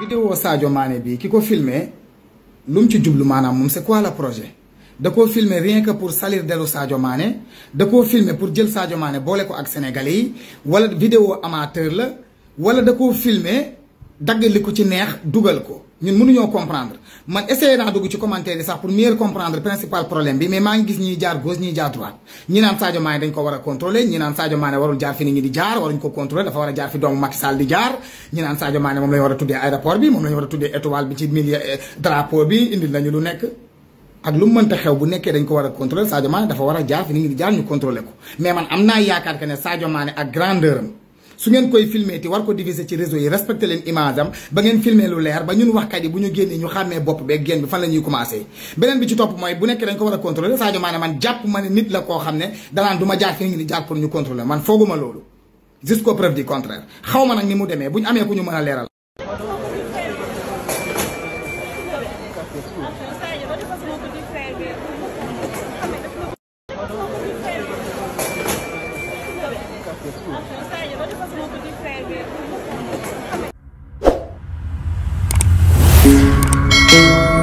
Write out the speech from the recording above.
vidéo Sadio maane bi ki ko filmé lum ci jublu maanaam moom c'est quoi la projet da koo filmé rien que pour salir dellu Sadio maane da koo filmé pour jël Sadio maane boole ko ak sénégalais yi wala vidéo amateur la wala da koo filmé daggali ku ci neex dugal ko ñun munuñoo comprendre man essayé naa dugg ci commentaire yi sax pour mieux comprendre principal problème bi mais maa ngi gis ñiy jaar gauche ñiy jaar droite ñi naan Sadio Mané war a contrôler naan Sadio Mané warul ko contrôler dafa war a jaar fi doomu Macky Sall di jaar ñi naan Sadio Mané moom lañu war a tuddee aéroport bi moom bi ci milieu eh, drapeau lu nekk ak lu mu mënta xew bu nekkee dañ ko war a contrôler Sadio Mané dafa war a jaar fi ni ngi di jaar ñu contrôler ko mais man am naa yaakaar que ne Sadio Mané ak grandeur am su ngeen koy filmer ti war ko diffuser ci réseau yi respecté leen image am ba ngeen filmer lu leer ba ñun waxkat yi bu ñu génnee ñu xàmmee bopp beeg bi fan la ñuy commencé beneen bi ci topp mooy bu nekk dañ ko war a contrôler Sadio man jàpp ma ne nit la koo xam ne danaan du ma jaar fi ngi ni jaar pour ñu contrôler man fooguma loolu jusqu'aux preuves du contraire xaw ma nag ni mu demee bu ñu amee ku ñu mën a leeral Thank you.